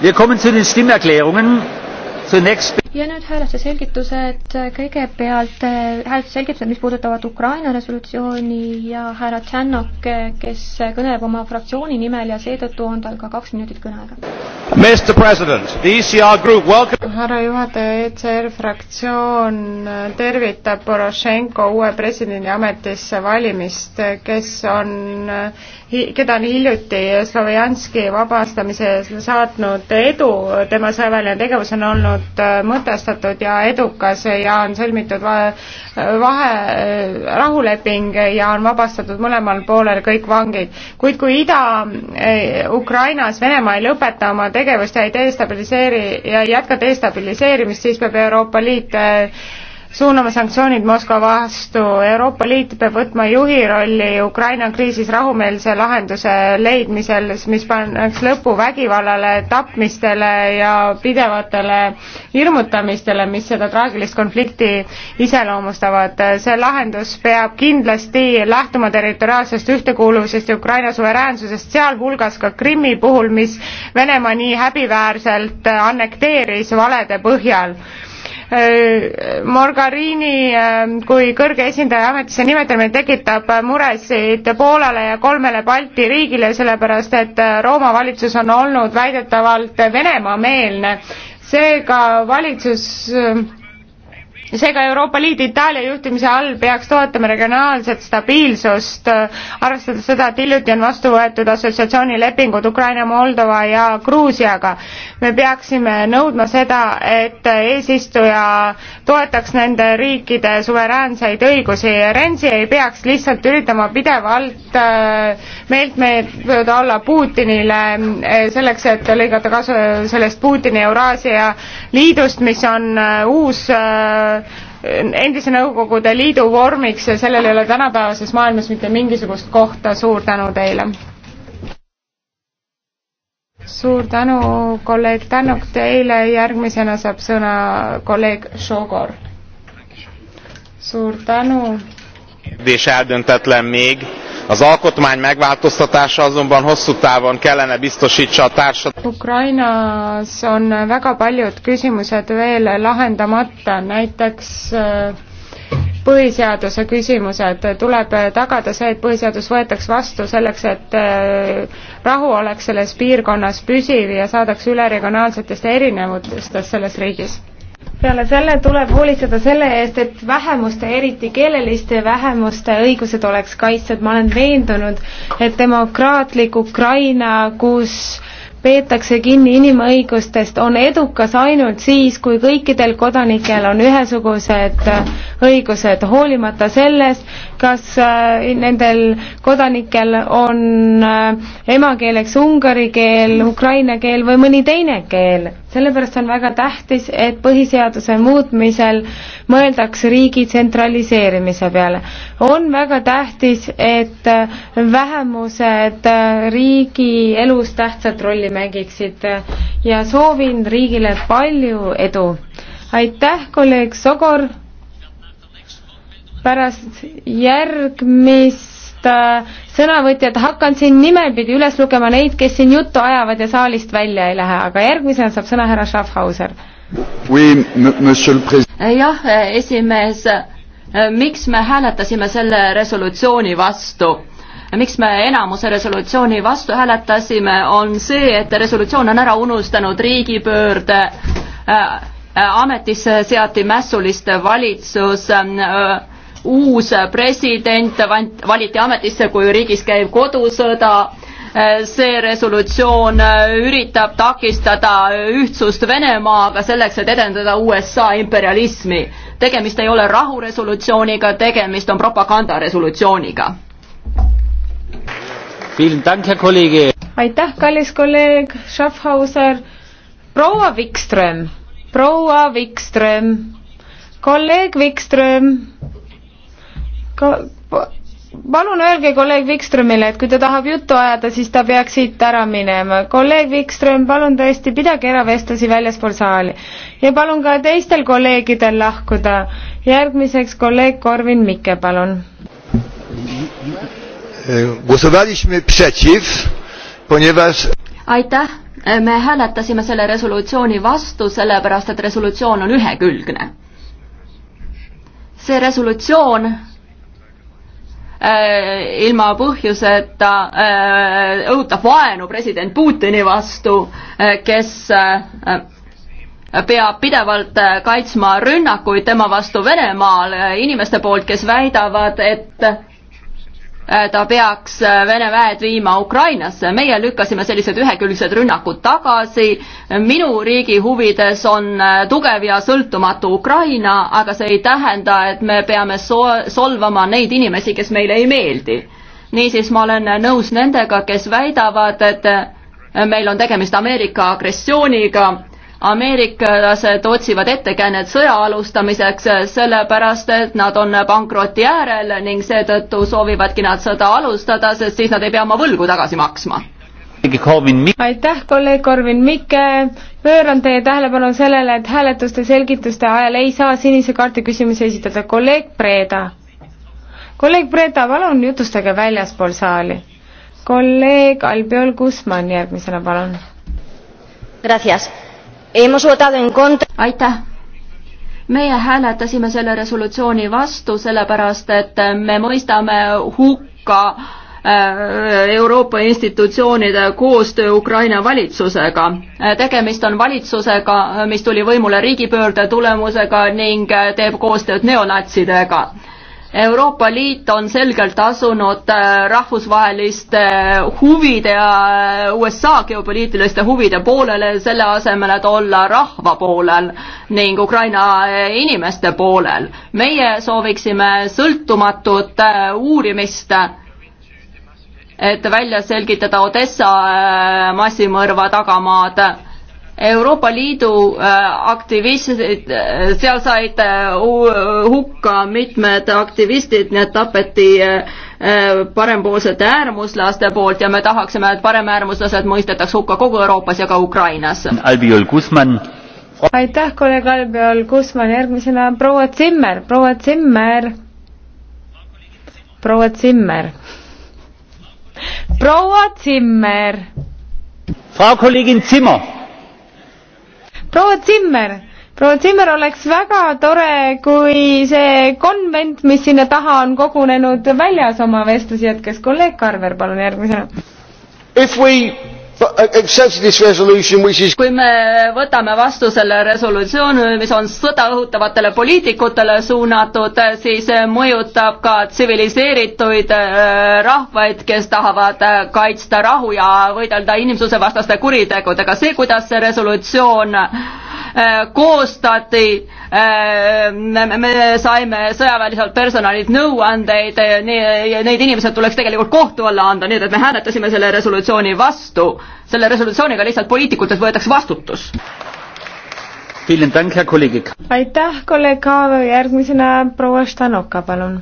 wir kommen zu den stimmerklärungen ja nüüd hääletuse selgitused, kõigepealt äh, hääletuse selgitused, mis puudutavad Ukraina resolutsiooni ja härra Tšännok, äh, kes kõneleb oma fraktsiooni nimel ja seetõttu on tal ka kaks minutit kõneaega. E härra juhataja, ECR fraktsioon tervitab Porošenko uue presidendi ametisse valimist, kes on keda on hiljuti Slovjanski vabastamise saatnud edu, tema sõjaväeline tegevus on olnud mõõdetav mõtestatud ja edukas ja on sõlmitud vahe, vahe, rahuleping ja on vabastatud mõlemal poolel kõik vangid. kuid kui Ida-Ukrainas eh, Venemaa ei lõpeta oma tegevust ja ei destabiliseeri ja ei jätka destabiliseerimist, siis peab Euroopa Liit eh, suunama sanktsioonid Moskva vastu. Euroopa Liit peab võtma juhi rolli Ukraina kriisis rahumeelse lahenduse leidmisel, mis pannaks lõpu vägivallale, tapmistele ja pidevatele hirmutamistele, mis seda traagilist konflikti iseloomustavad. see lahendus peab kindlasti lähtuma territoriaalsest ühtekuuluvusest ja Ukraina suveräänsusest, sealhulgas ka Krimmi puhul, mis Venemaa nii häbiväärselt annekteeris valede põhjal Äh, Margariini äh, kui kõrge esindaja ametisse nimetamine tekitab äh, muresid Poolale ja kolmele Balti riigile, sellepärast et Rooma valitsus on olnud väidetavalt Venemaa-meelne. seega valitsus seega Euroopa Liit Itaalia juhtimise all peaks toetama regionaalset stabiilsust, äh, arvestades seda, et hiljuti on vastu võetud assotsiatsioonilepingud Ukraina, Moldova ja Gruusiaga. me peaksime nõudma seda, et eesistuja toetaks nende riikide suveräänseid õigusi. Renzi ei peaks lihtsalt üritama pidevalt äh, meeltmööda olla Putinile äh, selleks, et lõigata kasu sellest Putini Euraasia liidust, mis on uus endise Nõukogude Liidu vormiks ja sellel ei ole tänapäevases maailmas mitte mingisugust kohta, suur tänu teile! suur tänu, kolleeg Tänuk, teile järgmisena saab sõna kolleeg Šogor. suur tänu! Az alkotmány megváltoztatása azonban hosszú távon kellene biztosítsa a társadalmat. Ukrainas on väga paljud küsimused veel lahendamata, näiteks äh, põhiseaduse küsimused, tuleb äh, tagada see, et põhiseadus võetaks vastu selleks, et äh, rahu oleks selles piirkonnas püsiv ja saadaks üle regionaalsetest erinevustest selles riigis peale selle tuleb hoolitseda selle eest, et vähemuste, eriti keeleliste vähemuste õigused oleks kaitstud, ma olen veendunud, et demokraatlik Ukraina, kus peetakse kinni inimõigustest, on edukas ainult siis, kui kõikidel kodanikel on ühesugused õigused, hoolimata sellest, kas äh, nendel kodanikel on äh, emakeeleks ungari keel, ukraina keel või mõni teine keel sellepärast on väga tähtis, et põhiseaduse muutmisel mõeldaks riigi tsentraliseerimise peale. on väga tähtis, et vähemused riigi elus tähtsat rolli mängiksid ja soovin riigile palju edu. aitäh, kolleeg Sogor, pärast järgmist Äh, sõnavõtjad, hakkan siin nimepidi üles lugema neid, kes siin juttu ajavad ja saalist välja ei lähe, aga järgmisena saab sõna härra Schaffhauser. Äh, jah, äh, esimees, miks me hääletasime selle resolutsiooni vastu? miks me enamuse resolutsiooni vastu hääletasime, on see, et resolutsioon on ära unustanud riigipöörde äh, ametisse seati mässuliste valitsus äh, uus president valiti ametisse, kui riigis käib kodusõda. see resolutsioon üritab takistada ühtsust Venemaaga selleks, et edendada USA imperialismi. tegemist ei ole rahuresolutsiooniga, tegemist on propagandaresolutsiooniga. aitäh, kallis kolleeg Schaffhauser. proua Wikström, proua Wikström, kolleeg Wikström ka palun öelge kolleeg Wikströmile, et kui ta tahab juttu ajada, siis ta peaks siit ära minema. kolleeg Wikström, palun tõesti, pidage eravestlusi väljaspool saali ja palun ka teistel kolleegidel lahkuda. järgmiseks kolleeg Korvin Mikke, palun. aitäh, me hääletasime selle resolutsiooni vastu, sellepärast et resolutsioon on ühekülgne. see resolutsioon Äh, ilma põhjuseta äh, õhutab vaenu president Putini vastu, äh, kes peab pidevalt kaitsma rünnakuid tema vastu Venemaal inimeste poolt, kes väidavad, et Äh, ta peaks äh, Vene väed viima Ukrainasse, meie lükkasime sellised ühekülgsed rünnakud tagasi, minu riigi huvides on äh, tugev ja sõltumatu Ukraina, aga see ei tähenda, et me peame so-, solvama neid inimesi, kes meile ei meeldi. niisiis, ma olen nõus nendega, kes väidavad, et meil on tegemist Ameerika agressiooniga ameeriklased otsivad ettekäänet sõja alustamiseks, sellepärast et nad on pankroti äärel ning seetõttu soovivadki nad sõda alustada, sest siis nad ei pea oma võlgu tagasi maksma aitäh, kolleeg Korvin Mikke. pööran teie tähelepanu sellele, et hääletuste selgituste ajal ei saa sinise kaardi küsimusi esitada. kolleeg Breda. kolleeg Breda, palun jutustage väljaspool saali. kolleeg Albiol Guzman järgmisena, palun. Gracias aitäh meie hääletasime selle resolutsiooni vastu, sellepärast et me mõistame hukka äh, Euroopa institutsioonide koostöö Ukraina valitsusega. tegemist on valitsusega, mis tuli võimule riigipöörde tulemusega ning äh, teeb koostööd neonatsidega Euroopa Liit on selgelt asunud äh, rahvusvaheliste äh, huvide ja äh, USA geopoliitiliste huvide poolele, selle asemel, et olla rahva poolel ning Ukraina inimeste poolel. meie sooviksime sõltumatut uurimist, et välja selgitada Odessa massimõrva tagamaad Euroopa Liidu äh, aktivistid, äh, seal said äh, hukka mitmed aktivistid, need tapeti parempoolsete äärmuslaste poolt ja me tahaksime, et paremäärmuslased mõistetaks hukka kogu Euroopas ja ka Ukrainas. aitäh, kolleeg Albiol Kusman, järgmisena proua Zimmer, proua Zimmer, proua Zimmer, proua Zimmer. Frau Kollegin Zimmer proua Zimmer, proua Zimmer, oleks väga tore, kui see konvent, mis sinna taha on kogunenud, väljas oma vestlusi jätkas. kolleeg Karver, palun järgmisena. If we Uh, kui me võtame vastu selle resolutsiooni, mis on sõda õhutavatele poliitikutele suunatud, siis mõjutab ka tsiviliseerituid äh, rahvaid, kes tahavad äh, kaitsta rahu ja võidelda inimsusevastaste kuritegudega. see, kuidas see resolutsioon äh, koostati, me saime sõjaväeliselt personalilt nõuandeid, neid inimesed tuleks tegelikult kohtu alla anda, nii et me hääletasime selle resolutsiooni vastu selle resolutsiooniga lihtsalt poliitikutelt võetakse vastutus. aitäh, kolleeg Kaavo, järgmisena proua Štanoka, palun.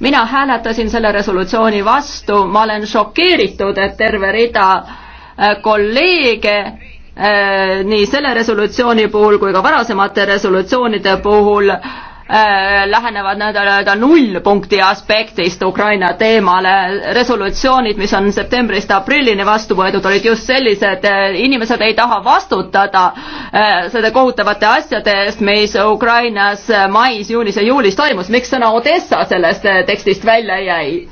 mina hääletasin selle resolutsiooni vastu, ma olen šokeeritud, et terve rida äh, kolleege äh, nii selle resolutsiooni puhul kui ka varasemate resolutsioonide puhul äh, Äh, lähenevad nii-öelda äh, nullpunkti aspektist Ukraina teemale. resolutsioonid, mis on septembrist aprillini vastu võetud, olid just sellised, äh, inimesed ei taha vastutada selle kohutavate asjade eest, mis Ukrainas mais, juunis ja juulis toimus. miks sõna Odessa sellest tekstist välja jäi?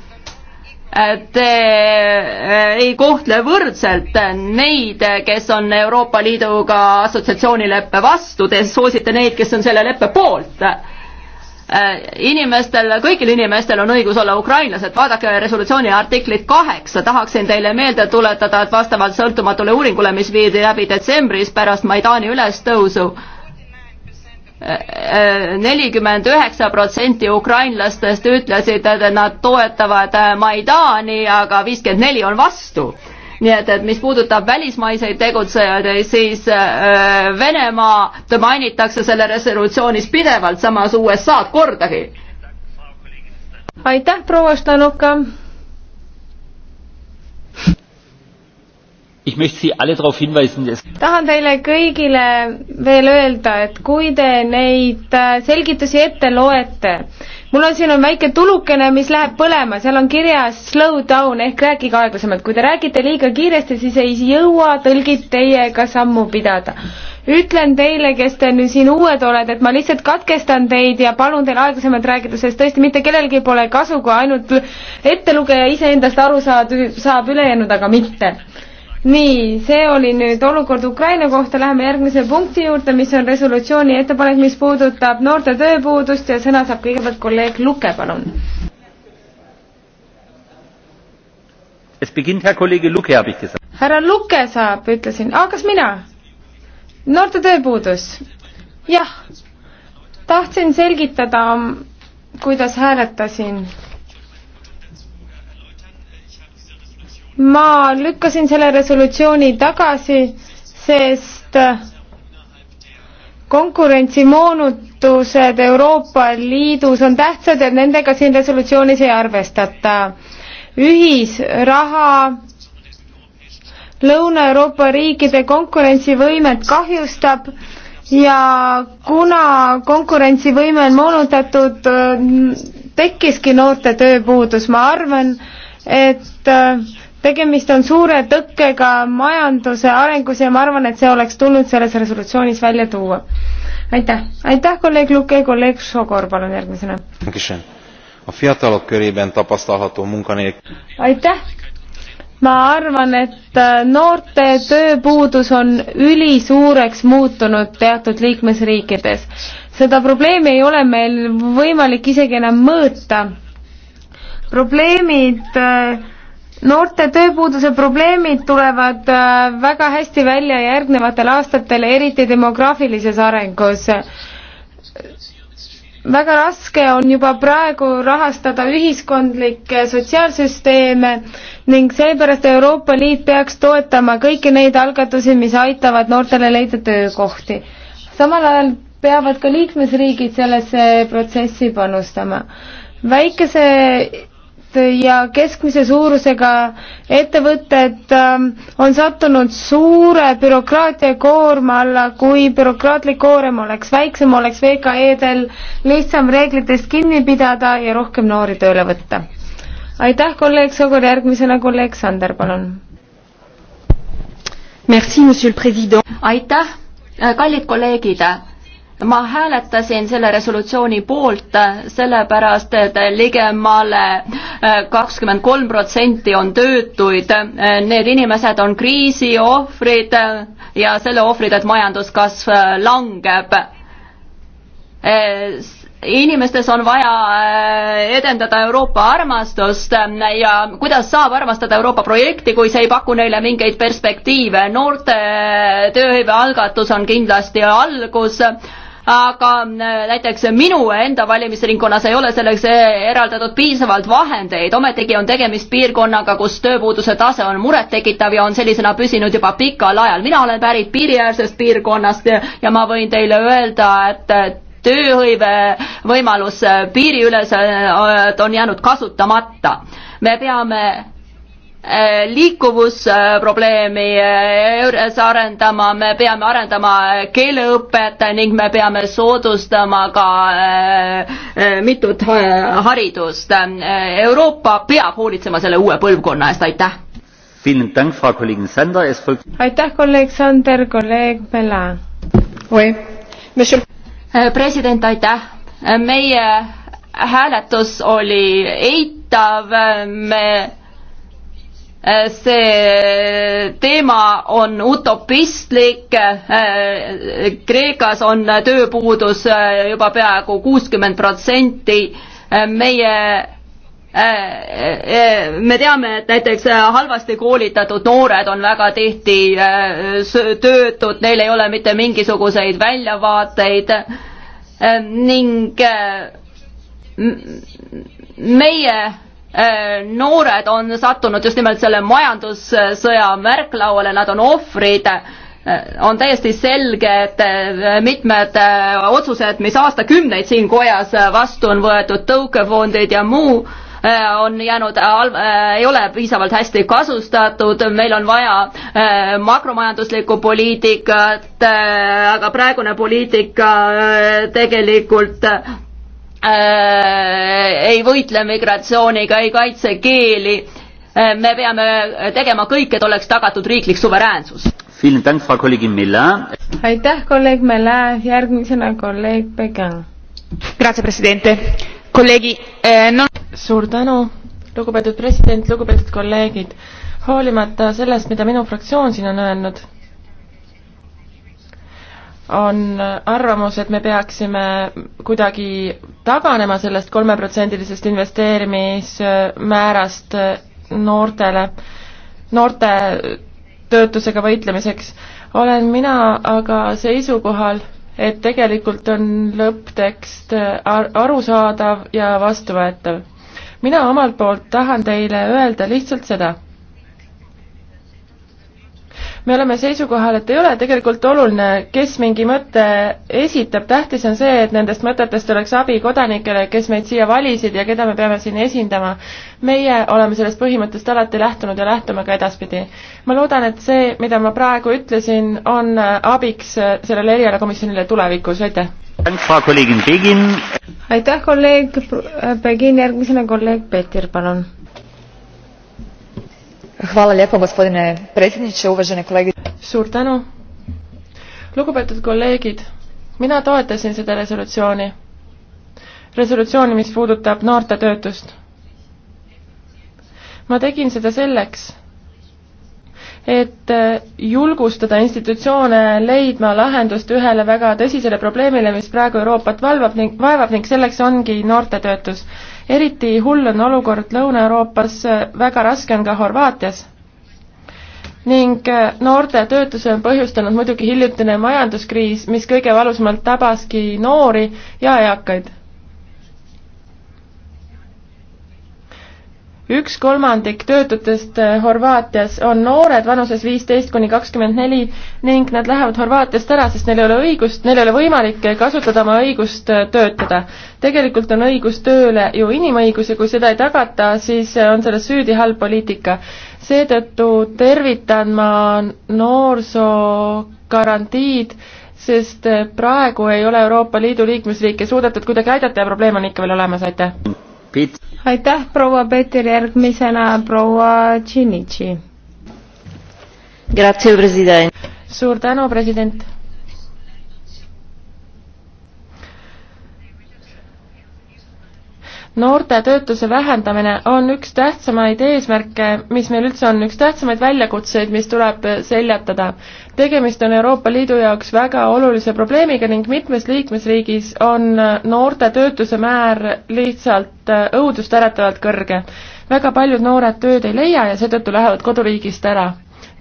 Te ei kohtle võrdselt neid, kes on Euroopa Liiduga assotsiatsioonileppe vastu, te soosite neid, kes on selle leppe poolt Äh, inimestel, kõigil inimestel on õigus olla ukrainlased, vaadake resolutsiooni artiklit kaheksa, tahaksin teile meelde tuletada, et vastavalt sõltumatule uuringule, mis viidi läbi detsembris pärast Maidani ülestõusu, äh, äh, nelikümmend üheksa protsenti ukrainlastest ütlesid, et nad toetavad Maidani, aga viiskümmend neli on vastu nii et, et mis puudutab välismaiseid tegutsejaid, siis äh, Venemaa, ta mainitakse selle resolutsioonis pidevalt, samas USA-d kordagi. aitäh, proua Štanuka. tahan teile kõigile veel öelda, et kui te neid äh, selgitusi ette loete, mul on siin on väike tulukene, mis läheb põlema, seal on kirjas slow down ehk rääkige aeglasemalt. kui te räägite liiga kiiresti, siis ei jõua tõlgid teiega sammu pidada. ütlen teile, kes te nüüd siin uued oled, et ma lihtsalt katkestan teid ja palun teil aeglasemalt rääkida, sest tõesti mitte kellelgi pole kasu, kui ainult ettelugeja iseendast aru saad, saab ülejäänud aga mitte nii, see oli nüüd olukord Ukraina kohta, läheme järgmise punkti juurde, mis on resolutsiooni ettepanek, mis puudutab noorte tööpuudust ja sõna saab kõigepealt kolleeg Luke, palun. härra Luke saab, ütlesin, aa, kas mina? noorte tööpuudus, jah. tahtsin selgitada, kuidas hääletasin ma lükkasin selle resolutsiooni tagasi, sest konkurentsimoonutused Euroopa Liidus on tähtsad ja nendega siin resolutsioonis ei arvestata. ühisraha Lõuna-Euroopa riikide konkurentsivõimet kahjustab ja kuna konkurentsivõime on moonutatud, äh, tekkiski noorte tööpuudus, ma arvan, et äh, tegemist on suure tõkkega majanduse arengus ja ma arvan, et see oleks tulnud selles resolutsioonis välja tuua. aitäh, aitäh kolleeg Luke, kolleeg Sogor, palun järgmisena. aitäh, ma arvan, et äh, noorte tööpuudus on ülisuureks muutunud teatud liikmesriikides. seda probleemi ei ole meil võimalik isegi enam mõõta. probleemid äh, noorte tööpuuduse probleemid tulevad äh, väga hästi välja järgnevatel aastatel, eriti demograafilises arengus. väga raske on juba praegu rahastada ühiskondlikke sotsiaalsüsteeme ning seepärast Euroopa Liit peaks toetama kõiki neid algatusi, mis aitavad noortele leida töökohti. samal ajal peavad ka liikmesriigid sellesse protsessi panustama. väikese ja keskmise suurusega ettevõtted ähm, on sattunud suure bürokraatia koorma alla, kui bürokraatlik koorem oleks väiksem, oleks VKE-del lihtsam reeglitest kinni pidada ja rohkem noori tööle võtta. aitäh, kolleeg Sogor, järgmisena kolleeg Sander, palun. aitäh, kallid kolleegid ma hääletasin selle resolutsiooni poolt, äh, sellepärast et ligemale äh, kakskümmend kolm protsenti on töötuid. Äh, need inimesed on kriisi ohvrid ja selle ohvrid, et majanduskasv langeb. inimestes on vaja edendada Euroopa armastust ja kuidas saab armastada Euroopa projekti, kui see ei paku neile mingeid perspektiive. noorte tööhõive algatus on kindlasti algus aga mm, näiteks minu enda valimisringkonnas ei ole selleks eh, eraldatud piisavalt vahendeid, ometigi on tegemist piirkonnaga, kus tööpuuduse tase on murettekitav ja on sellisena püsinud juba pikal ajal. mina olen pärit piiriäärsest piirkonnast ja ma võin teile öelda, et eh, tööhõive võimalus eh, piiriüleselt on jäänud kasutamata. me peame Eh, liikuvusprobleemi juures eh, arendama, me peame arendama eh, keeleõpet ning me peame soodustama ka mitut haridust. Euroopa peab hoolitsema selle uue põlvkonna eest, aitäh! aitäh, kolleeg Sander, kolleeg Bella. president, aitäh! meie hääletus oli eitav, me see teema on utopistlik, Kreekas on tööpuudus juba peaaegu kuuskümmend protsenti, meie me teame, et näiteks halvasti koolitatud noored on väga tihti töötud, neil ei ole mitte mingisuguseid väljavaateid ning meie Äh, noored on sattunud just nimelt selle majandussõja märklauale, nad on ohvrid äh, on täiesti selge, et äh, mitmed otsused, mis aastakümneid siin kojas vastu on võetud, tõukefondid ja muu, on jäänud, ei ole piisavalt hästi kasustatud, meil on vaja makromajanduslikku poliitikat, aga praegune poliitika tegelikult äh, ei võitle migratsiooniga, ei kaitse keeli äh,. me peame tegema kõik, et oleks tagatud riiklik suveräänsus. aitäh, kolleeg Mela, järgmisena kolleeg Pegan. Grazie, presidente. kolleegi eh, no.... suur tänu, lugupeetud president, lugupeetud kolleegid. hoolimata sellest, mida minu fraktsioon siin on öelnud on arvamus, et me peaksime kuidagi taganema sellest kolmeprotsendilisest investeerimismäärast noortele, noorte töötusega võitlemiseks. olen mina aga seisukohal, et tegelikult on lõpptekst ar arusaadav ja vastuvõetav. mina omalt poolt tahan teile öelda lihtsalt seda me oleme seisukohal, et ei ole tegelikult oluline, kes mingi mõtte esitab, tähtis on see, et nendest mõtetest oleks abi kodanikele, kes meid siia valisid ja keda me peame siin esindama. meie oleme sellest põhimõttest alati lähtunud ja lähtume ka edaspidi. ma loodan, et see, mida ma praegu ütlesin, on abiks sellele erialakomisjonile tulevikus, aitäh! aitäh, kolleeg Begin, järgmisena kolleeg Peeter, palun gospodine predsjedniče uvažene kolegice suur tänu lugupeetud kolleegid mina toetasin seda resolutsiooni resolutsiooni mis puudutab noorte töötust ma tegin seda selleks et äh, julgustada institutsioone leidma lahendust ühele väga tõsisele probleemile, mis praegu Euroopat valvab ning, vaevab ning selleks ongi noortetöötus eriti hull on olukord Lõuna-Euroopas, väga raske on ka Horvaatias. ning eh, noorte töötuse on põhjustanud muidugi hiljutine majanduskriis, mis kõige valusamalt tabaski noori ja eakaid üks kolmandik töötutest äh, Horvaatias on noored vanuses viisteist kuni kakskümmend neli ning nad lähevad Horvaatiast ära, sest neil ei ole õigust, neil ei ole võimalik äh, kasutada oma õigust äh, töötada. tegelikult on õigus tööle ju inimõigus ja kui seda ei tagata, siis on selles süüdi halb poliitika. seetõttu tervitan ma noorsoogarantiid, sest praegu ei ole Euroopa Liidu liikmesriike suudetud kuidagi aidata ja probleem on ikka veel olemas, aitäh! aitäh, proua Peeter, järgmisena proua Tšinitši. suur tänu, president. noorte töötuse vähendamine on üks tähtsamaid eesmärke, mis meil üldse on, üks tähtsamaid väljakutseid, mis tuleb seljatada tegemist on Euroopa Liidu jaoks väga olulise probleemiga ning mitmes liikmesriigis on noorte töötuse määr lihtsalt äh, õudust äratavalt kõrge. väga paljud noored tööd ei leia ja seetõttu lähevad koduriigist ära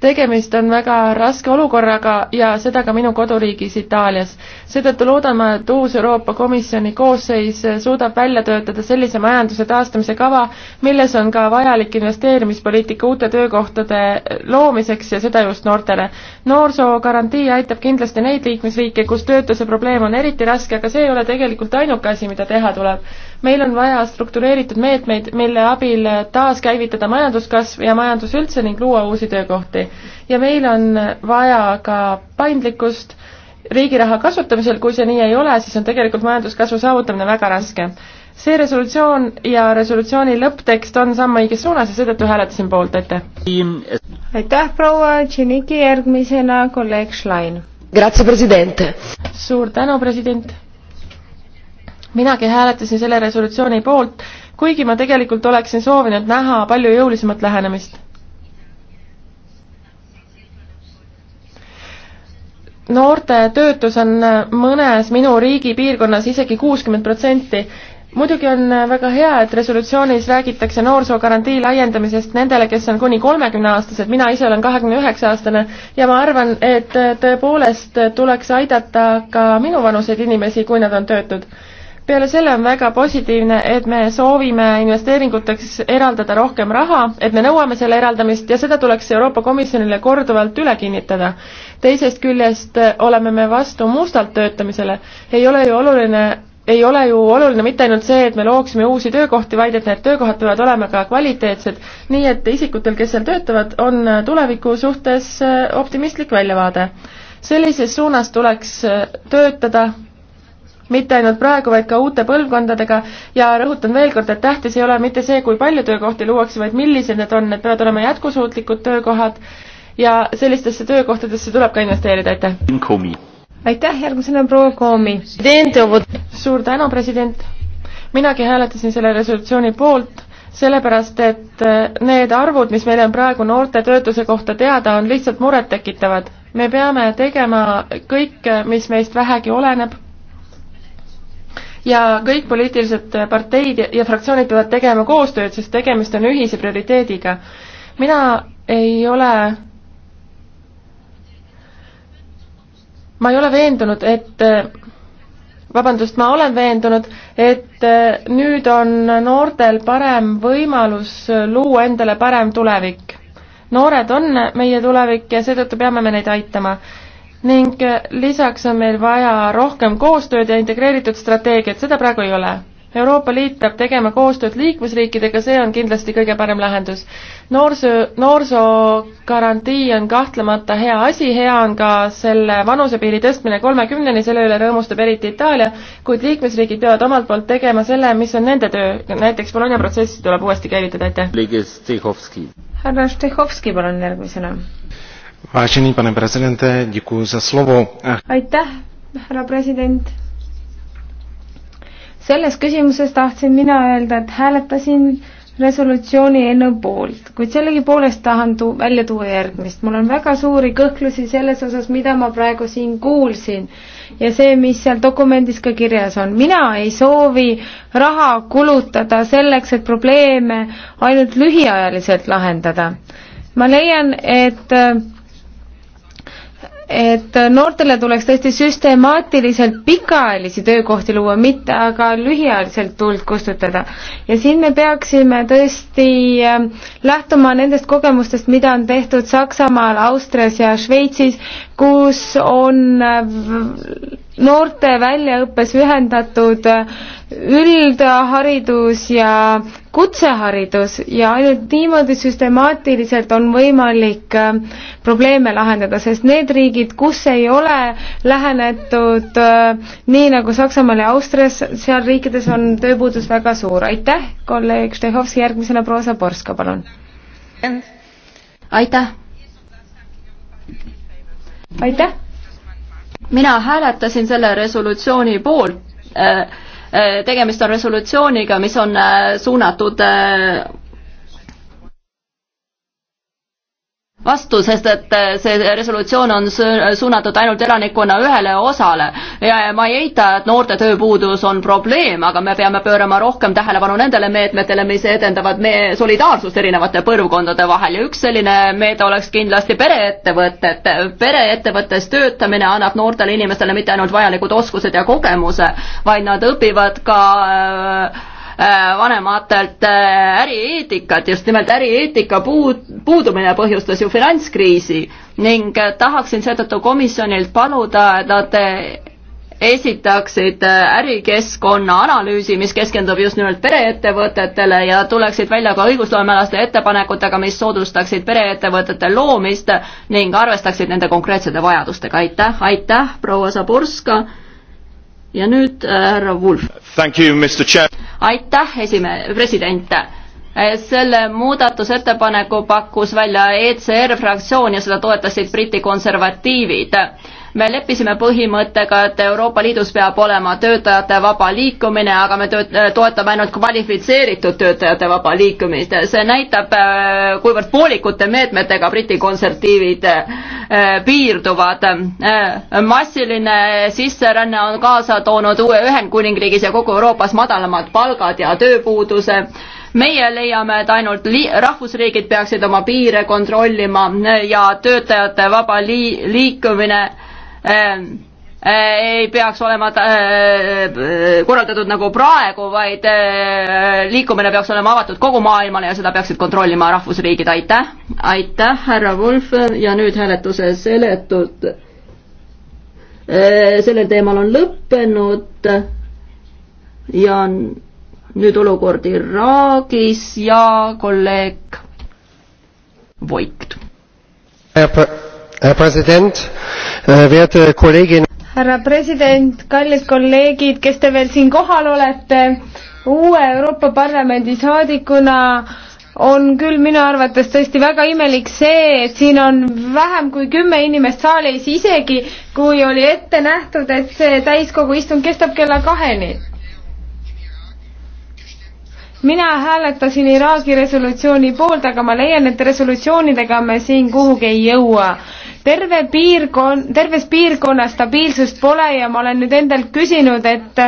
tegemist on väga raske olukorraga ja seda ka minu koduriigis Itaalias. seetõttu loodan ma, et uus Euroopa Komisjoni koosseis suudab välja töötada sellise majanduse taastamise kava, milles on ka vajalik investeerimispoliitika uute töökohtade loomiseks ja seda just noortele. noorsoogarantii aitab kindlasti neid liikmesriike, kus töötuse probleem on eriti raske, aga see ei ole tegelikult ainuke asi, mida teha tuleb meil on vaja struktureeritud meetmeid, mille abil taaskäivitada majanduskasv ja majandus üldse ning luua uusi töökohti. ja meil on vaja ka paindlikkust riigi raha kasutamisel, kui see nii ei ole, siis on tegelikult majanduskasvu saavutamine väga raske. see resolutsioon ja resolutsiooni lõpptekst on samm õiges suunas ja seetõttu hääletasin poolt, aitäh! aitäh, proua Tšeniki, järgmisena kolleeg Schlein. Grazie, president! suur tänu, president! minagi hääletasin selle resolutsiooni poolt, kuigi ma tegelikult oleksin soovinud näha palju jõulisemat lähenemist. noorte töötus on mõnes minu riigi piirkonnas isegi kuuskümmend protsenti muidugi on väga hea, et resolutsioonis räägitakse noorsoogarantii laiendamisest nendele, kes on kuni kolmekümneaastased, mina ise olen kahekümne üheksa aastane ja ma arvan, et tõepoolest tuleks aidata ka minuvanuseid inimesi, kui nad on töötud peale selle on väga positiivne, et me soovime investeeringuteks eraldada rohkem raha, et me nõuame selle eraldamist ja seda tuleks Euroopa Komisjonile korduvalt üle kinnitada. teisest küljest oleme me vastu mustalt töötamisele, ei ole ju oluline ei ole ju oluline mitte ainult see, et me looksime uusi töökohti, vaid et need töökohad peavad olema ka kvaliteetsed, nii et isikutel, kes seal töötavad, on tuleviku suhtes optimistlik väljavaade. sellises suunas tuleks töötada mitte ainult praegu, vaid ka uute põlvkondadega ja rõhutan veel kord, et tähtis ei ole mitte see, kui palju töökohti luuakse, vaid millised need on, need peavad olema jätkusuutlikud töökohad ja sellistesse töökohtadesse tuleb ka investeerida, aitäh! aitäh, järgmisena proua Koomi! suur tänu, president! minagi hääletasin selle resolutsiooni poolt sellepärast, et äh, need arvud, mis meil on praegu noorte töötuse kohta teada, on lihtsalt murettekitavad. me peame tegema kõik, mis meist vähegi oleneb, ja kõik poliitilised parteid ja fraktsioonid peavad tegema koostööd, sest tegemist on ühise prioriteediga. mina ei ole ma ei ole veendunud, et vabandust, ma olen veendunud, et nüüd on noortel parem võimalus luua endale parem tulevik. noored on meie tulevik ja seetõttu peame me neid aitama ning lisaks on meil vaja rohkem koostööd ja integreeritud strateegiat, seda praegu ei ole. Euroopa Liit peab tegema koostööd liikmesriikidega, see on kindlasti kõige parem lahendus. noorsoo, noorsoogarantii on kahtlemata hea asi, hea on ka selle vanusepiiri tõstmine kolmekümneni, selle üle rõõmustab eriti Itaalia, kuid liikmesriigid peavad omalt poolt tegema selle, mis on nende töö, näiteks Bologna protsessi tuleb uuesti käivitada, aitäh. härra Štehovski, palun järgmisena Vážený pane prezidente, děkuji za slovo. aitäh, härra president. selles küsimuses tahtsin mina öelda, et hääletasin resolutsiooni eelnõu poolt, kuid sellegipoolest tahan tu-, välja tuua järgmist. mul on väga suuri kõhklusi selles osas, mida ma praegu siin kuulsin ja see, mis seal dokumendis ka kirjas on. mina ei soovi raha kulutada selleks, et probleeme ainult lühiajaliselt lahendada. ma leian, et et noortele tuleks tõesti süstemaatiliselt pikaajalisi töökohti luua, mitte aga lühiajaliselt tuld kustutada. ja siin me peaksime tõesti äh, lähtuma nendest kogemustest, mida on tehtud Saksamaal, Austrias ja Šveitsis, kus on äh, noorte väljaõppes ühendatud üldharidus ja kutseharidus ja ainult niimoodi süstemaatiliselt on võimalik äh, probleeme lahendada, sest need riigid, kus ei ole lähenetud äh, nii nagu Saksamaal ja Austrias, seal riikides on tööpuudus väga suur. aitäh, kolleeg Štehovski, järgmisena proua Zaborska, palun. aitäh. aitäh mina hääletasin selle resolutsiooni poolt äh, äh, tegemist on resolutsiooniga, mis on äh, suunatud vastu, sest et äh, see resolutsioon on suunatud ainult elanikkonna ühele osale ja ma ei eita, et noorte tööpuudus on probleem, aga me peame pöörama rohkem tähelepanu nendele meetmetele, mis edendavad meie solidaarsust erinevate põlvkondade vahel ja üks selline meede oleks kindlasti pereettevõtted. pereettevõttes töötamine annab noortele inimestele mitte ainult vajalikud oskused ja kogemuse, vaid nad õpivad ka äh, Äh, vanematelt äh, ärieetikat, just nimelt ärieetika puud, puudumine põhjustas ju finantskriisi ning äh, tahaksin seetõttu komisjonilt paluda, et nad esitaksid ärikeskkonna analüüsi, mis keskendub just nimelt pereettevõtetele ja tuleksid välja ka õigusloomealaste ettepanekutega, mis soodustaksid pereettevõtete loomist ning arvestaksid nende konkreetsete vajadustega. aitäh, aitäh, proua Zaborska. ja nüüd härra äh, Wulf aitäh, esime-, president. selle muudatusettepaneku pakkus välja ECR fraktsioon ja seda toetasid Briti konservatiivid me leppisime põhimõttega, et Euroopa Liidus peab olema töötajate vaba liikumine, aga me tööt-, toetame ainult kvalifitseeritud töötajate vaba liikumist. see näitab, äh, kuivõrd poolikute meetmetega Briti konservatiivid äh, piirduvad. Äh, massiline sisseränne on kaasa toonud uue Ühendkuningriigis ja kogu Euroopas madalamad palgad ja tööpuuduse meie leiame, et ainult li-, rahvusriigid peaksid oma piire kontrollima ja töötajate vaba lii-, liikumine äh, Ehm, eh, ei peaks olema eh, eh, korraldatud nagu praegu, vaid liikumine peaks olema avatud kogu maailmale ja seda peaksid kontrollima rahvusriigid, aitäh. aitäh, härra Wolf ja nüüd hääletuse seletud. sellel teemal on lõppenud ja nüüd olukord Iraagis ja kolleeg Voigt härra president, äh, härra president, kallid kolleegid, kes te veel siin kohal olete, uue Euroopa Parlamendi saadikuna on küll minu arvates tõesti väga imelik see, et siin on vähem kui kümme inimest saalis, isegi kui oli ette nähtud, et see täiskogu istung kestab kella kaheni mina hääletasin Iraagi resolutsiooni poolt, aga ma leian, et resolutsioonidega me siin kuhugi ei jõua. terve piirkon-, terves piirkonnas stabiilsust pole ja ma olen nüüd endalt küsinud, et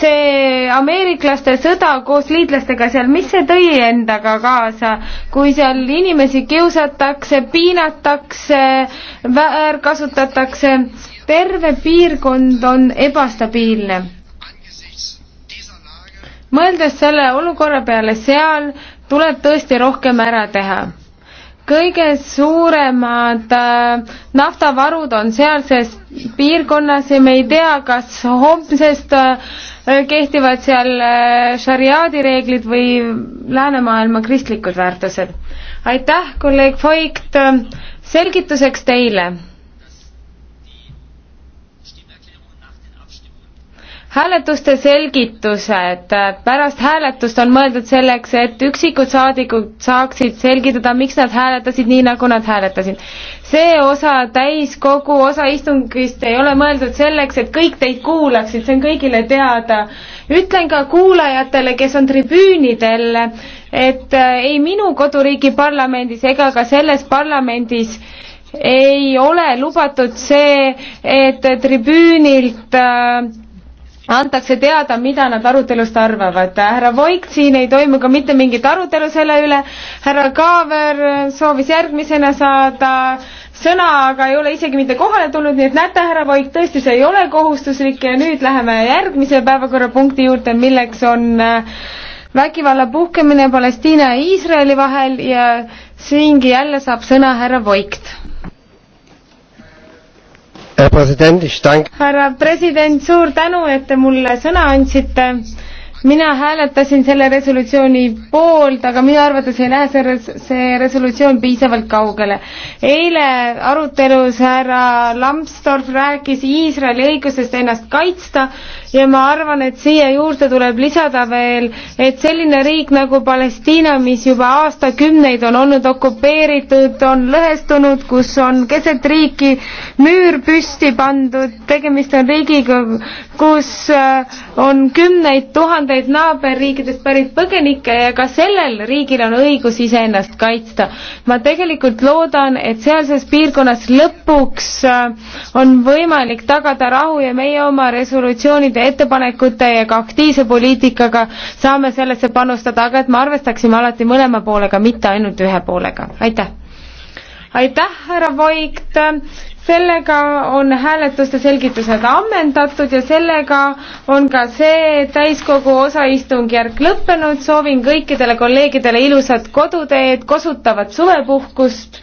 see ameeriklaste sõda koos liitlastega seal, mis see tõi endaga kaasa, kui seal inimesi kiusatakse, piinatakse, väärkasutatakse, terve piirkond on ebastabiilne mõeldes selle olukorra peale seal, tuleb tõesti rohkem ära teha. kõige suuremad äh, naftavarud on sealses piirkonnas ja me ei tea, kas homsest äh, kehtivad seal äh, šariaadi reeglid või läänemaailma kristlikud väärtused. aitäh, kolleeg Voigt, selgituseks teile hääletuste selgitused pärast hääletust on mõeldud selleks, et üksikud saadikud saaksid selgitada, miks nad hääletasid nii, nagu nad hääletasid. see osa täiskogu osa istungist ei ole mõeldud selleks, et kõik teid kuulaksid, see on kõigile teada. ütlen ka kuulajatele, kes on tribüünidel, et ei minu koduriigi parlamendis ega ka selles parlamendis ei ole lubatud see, et tribüünilt äh, antakse teada, mida nad arutelust arvavad. härra Voik, siin ei toimu ka mitte mingit arutelu selle üle, härra Kaaver soovis järgmisena saada sõna, aga ei ole isegi mitte kohale tulnud, nii et näete, härra Voik, tõesti, see ei ole kohustuslik ja nüüd läheme järgmise päevakorrapunkti juurde, milleks on äh, vägivalla puhkemine Palestiina ja Iisraeli vahel ja siingi jälle saab sõna härra Voikt härra president, suur tänu, et te mulle sõna andsite mina hääletasin selle resolutsiooni poolt, aga minu arvates ei lähe see res-, see resolutsioon piisavalt kaugele. eile arutelus härra Lambsdorff rääkis Iisraeli õigusest ennast kaitsta ja ma arvan, et siia juurde tuleb lisada veel, et selline riik nagu Palestiina, mis juba aastakümneid on olnud okupeeritud, on lõhestunud, kus on keset riiki müür püsti pandud, tegemist on riigiga, kus äh, on kümneid tuhandeid tuhandeid naaberriikidest pärit põgenikke ja ka sellel riigil on õigus iseennast kaitsta. ma tegelikult loodan, et sealses piirkonnas lõpuks äh, on võimalik tagada rahu ja meie oma resolutsioonide, ettepanekute ja ka aktiivse poliitikaga saame sellesse panustada, aga et me arvestaksime alati mõlema poolega, mitte ainult ühe poolega. aitäh! aitäh, härra Voigt! sellega on hääletuste selgitused ammendatud ja sellega on ka see täiskogu osaistungjärk lõppenud. soovin kõikidele kolleegidele ilusat koduteed, kosutavat suvepuhkust.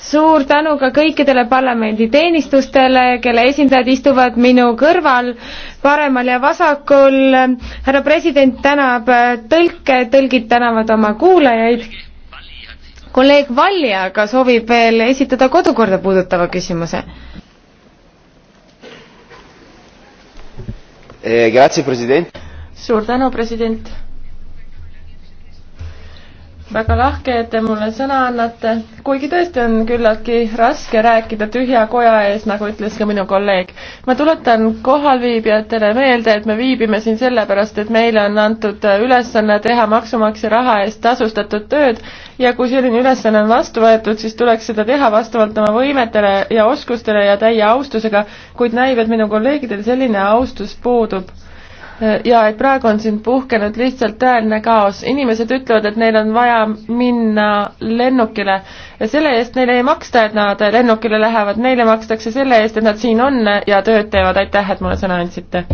suur tänu ka kõikidele parlamenditeenistustele, kelle esindajad istuvad minu kõrval paremal ja vasakul. härra president tänab tõlke, tõlgid tänavad oma kuulajaid kolleeg Valja, aga soovib veel esitada kodukorda puudutava küsimuse. Eh, suur tänu, president väga lahke, et te mulle sõna annate, kuigi tõesti on küllaltki raske rääkida tühja koja ees, nagu ütles ka minu kolleeg. ma tuletan kohalviibijatele meelde, et me viibime siin sellepärast, et meile on antud ülesanne teha maksumaksja raha eest tasustatud tööd ja kui selline ülesanne on vastu võetud, siis tuleks seda teha vastavalt oma võimetele ja oskustele ja täie austusega, kuid näib, et minu kolleegidel selline austus puudub ja et praegu on siin puhkenud lihtsalt tõeline kaos. inimesed ütlevad, et neil on vaja minna lennukile ja selle eest neile ei maksta, et nad lennukile lähevad, neile makstakse selle eest, et nad siin on ja tööd teevad. aitäh, et mulle sõna andsite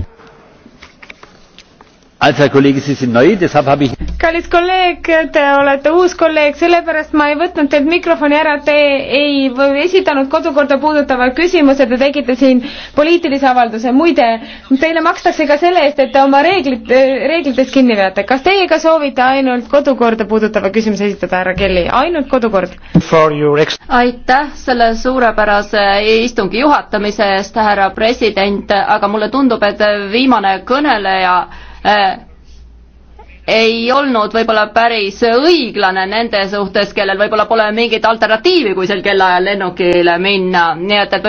kallis kolleeg, te olete uus kolleeg, sellepärast ma ei võtnud teilt mikrofoni ära, te ei esitanud kodukorda puudutava küsimuse, te tegite siin poliitilise avalduse. muide, teile makstakse ka selle eest, et te oma reeglid, reeglitest kinni veate. kas teie ka soovite ainult kodukorda puudutava küsimuse esitada, härra Kelly, ainult kodukord? aitäh selle suurepärase istungi juhatamise eest, härra president, aga mulle tundub, et viimane kõneleja Äh, ei olnud võib-olla päris õiglane nende suhtes, kellel võib-olla pole mingit alternatiivi, kui sel kellaajal lennukile minna, nii et, et